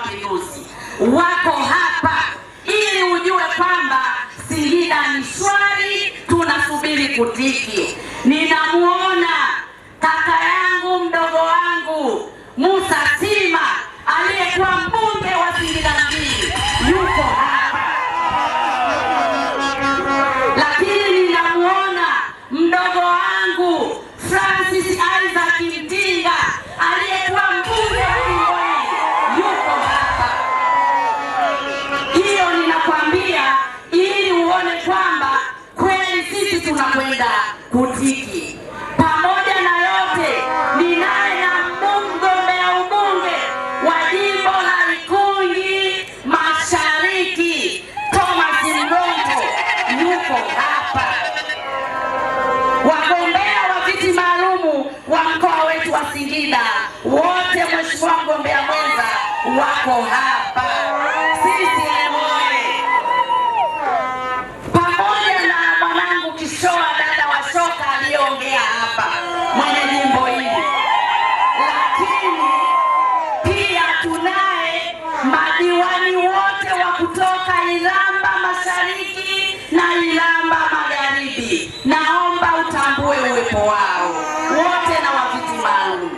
mapinduzi wako hapa ili ujue kwamba Singida ni shwari, tunasubiri kutiki. Ninamuona kaka yangu mdogo wangu Musa Sima aliyekuwa mbunge wa Singida mjini yuko hapa, lakini ninamuona mdogo wangu Francis Isaac sisi tunakwenda kutiki. Pamoja na yote, ninaye na mgombea ubunge wa jimbo la Ikungi Mashariki, Thomas Mgongo yuko hapa. Wagombea wa viti maalumu wa mkoa wetu wa Singida wote, mheshimiwa mgombea mwenza, wako hapa. uwepo wao wote na waviti maalum.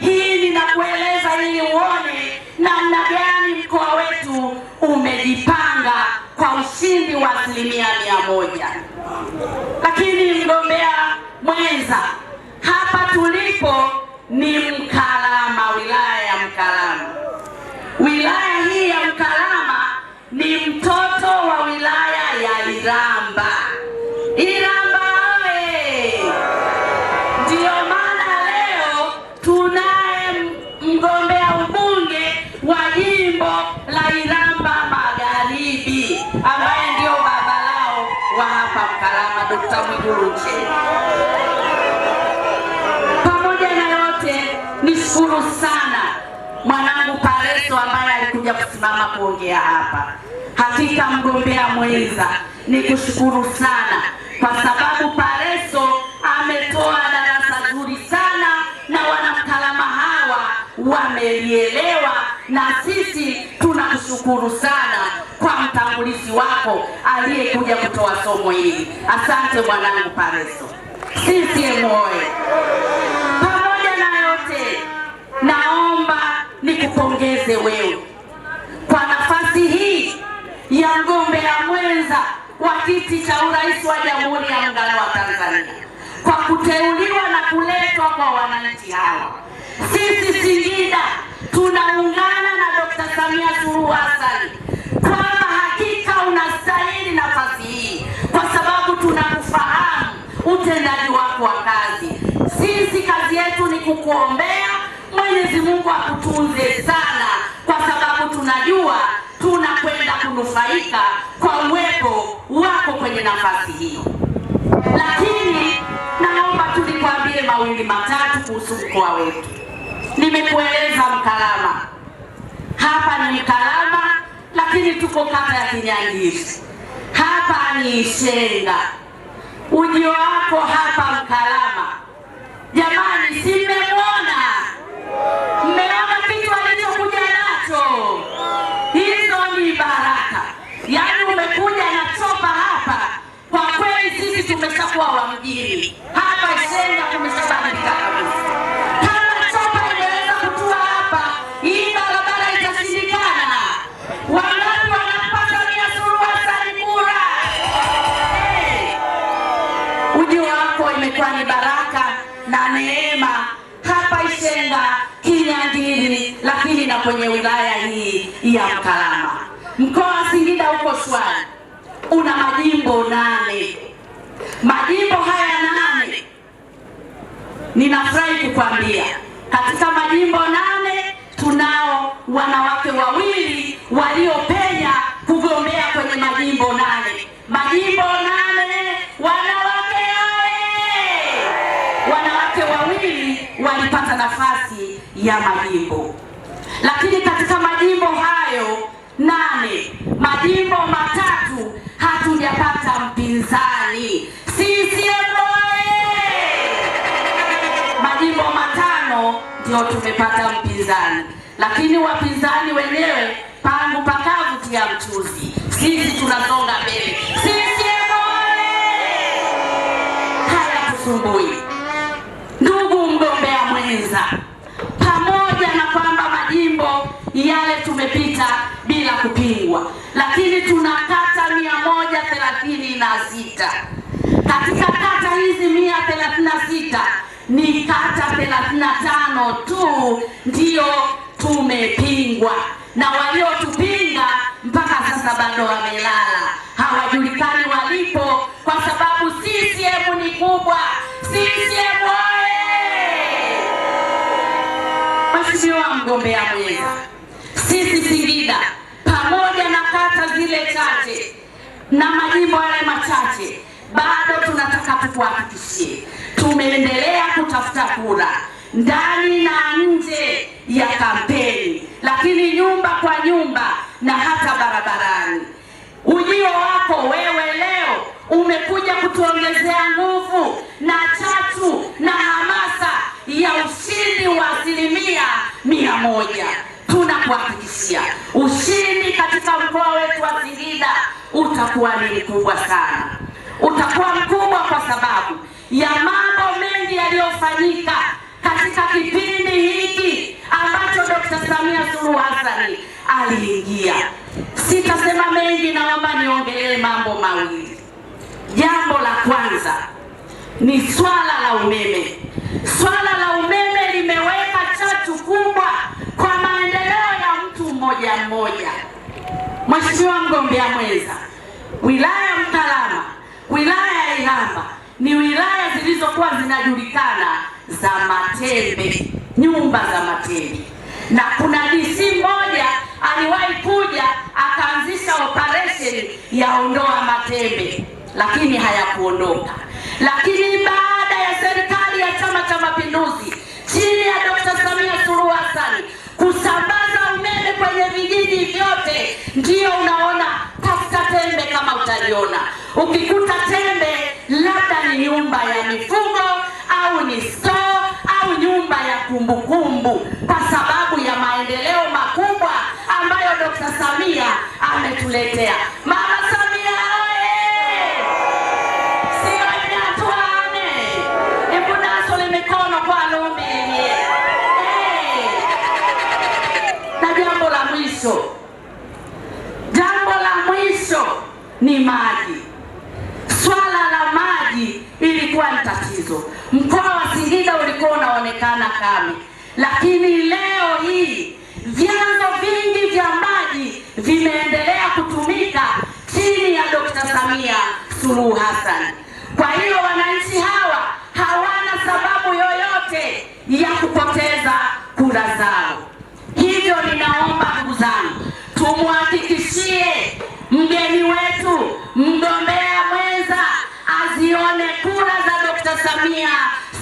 Hii ninakueleza ili uone namna gani mkoa wetu umejipanga kwa ushindi wa asilimia mia moja. Lakini mgombea mwenza, hapa tulipo ni Pamoja na yote, nishukuru sana mwanangu Pareso ambaye alikuja kusimama kuongea hapa. Hakika mgombea mwenza, nikushukuru sana kwa sababu Pareso ametoa darasa zuri sana na wanamkalama hawa wamelielewa na si kushukuru sana kwa mtangulizi wako aliyekuja kutoa somo hili. Asante mwanangu Pareso. CCM oye! Pamoja na yote, naomba nikupongeze wewe kwa nafasi hii ya mgombea mwenza wa kiti cha urais wa Jamhuri ya Muungano wa Tanzania kwa kuteuliwa na kuletwa kwa wananchi hawa. Sisi Singida tunaungana Samia Suluhu Hassan kwamba hakika unastahili nafasi hii kwa sababu tunakufahamu utendaji wako wa kazi. Sisi kazi yetu ni kukuombea. Mwenyezi Mungu akutunze sana, kwa sababu tunajua tunakwenda kunufaika kwa uwepo wako kwenye nafasi hiyo. Lakini naomba tulikwambie mawili matatu kuhusu mkoa wetu. Nimekueleza Mkalama hapa ni Mkalama, lakini tuko kata ya Kinyangisi, hapa ni Isenga. Ujio wako hapa Mkalama, jamani, simemwona mmeona kitu alichokuja nacho, hizo ni baraka. Yaani umekuja na chopa hapa, kwa kweli sisi tumeshakuwa wa mjini. imekuwa ni baraka na neema hapa Isenga, Kinyangiri, lakini na kwenye wilaya hii ya Mkalama. Mkoa wa Singida uko swali, una majimbo nane. Majimbo haya nane, ninafurahi kukwambia ya majimbo, lakini katika majimbo hayo nane, majimbo matatu hatujapata mpinzani. CCM Majimbo matano ndio tumepata mpinzani, lakini wapinzani wenyewe pangu pakavu tia mchuzi. Sisi tunasonga mbele. CCM Haya, tusumbui ndugu mgombea mwenza yale tumepita bila kupingwa, lakini tuna kata 136 Katika kata hizi 136 ni kata 35 tu ndio tumepingwa, na waliotupinga mpaka sasa bado wamelala, hawajulikani walipo, kwa sababu CCM ni kubwa. CCM oye! Mheshimiwa mgombea mwenza machache na majimbo yale machache, bado tunataka tukuhakikishie, tumeendelea kutafuta kura ndani na nje ya kampeni, lakini nyumba kwa nyumba na hata barabarani. Ujio wako wewe utakuwa ni mkubwa sana. Utakuwa mkubwa kwa sababu ya mambo mengi yaliyofanyika katika kipindi hiki ambacho Dr. Samia Suluhu Hassan aliingia. Sitasema mengi, naomba niongelee mambo mawili. Jambo la kwanza ni swala la umeme. Swala la umeme limeweka chachu kubwa kwa maendeleo ya mtu mmoja mmoja. Mheshimiwa mgombea mwenza wilaya Mtalama, wilaya ya Ihamba ni wilaya zilizokuwa zinajulikana za matembe, nyumba za matembe, na kuna DC mmoja aliwahi kuja akaanzisha operation ya ondoa matembe, lakini hayakuondoka. Lakini baada ya serikali ya Chama cha Mapinduzi kuliona. Ukikuta tembe, labda ni nyumba ya mifugo au ni store au nyumba ya kumbukumbu -kumbu, kwa sababu ya maendeleo makubwa ambayo Dr. Samia ametuletea. Mama Samia oye! siaatwane ekunasole mikono kwa lombeye na jambo la mwisho ni maji. Swala la maji ilikuwa ni tatizo, mkoa wa Singida ulikuwa unaonekana kame, lakini leo hii vyanzo vingi vya maji vimeendelea kutumika chini ya Dr. Samia Suluhu Hassan. Kwa hiyo wananchi hawa hawana sababu yoyote ya kupoteza kura zao. Hivyo ninaomba ndugu zangu, tumhakikishie mgeni wetu, mgombea mwenza azione kura za Dr. Samia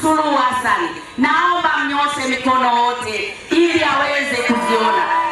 Suluhu Hassan. Naomba mnyoshe mikono wote ili aweze kuziona.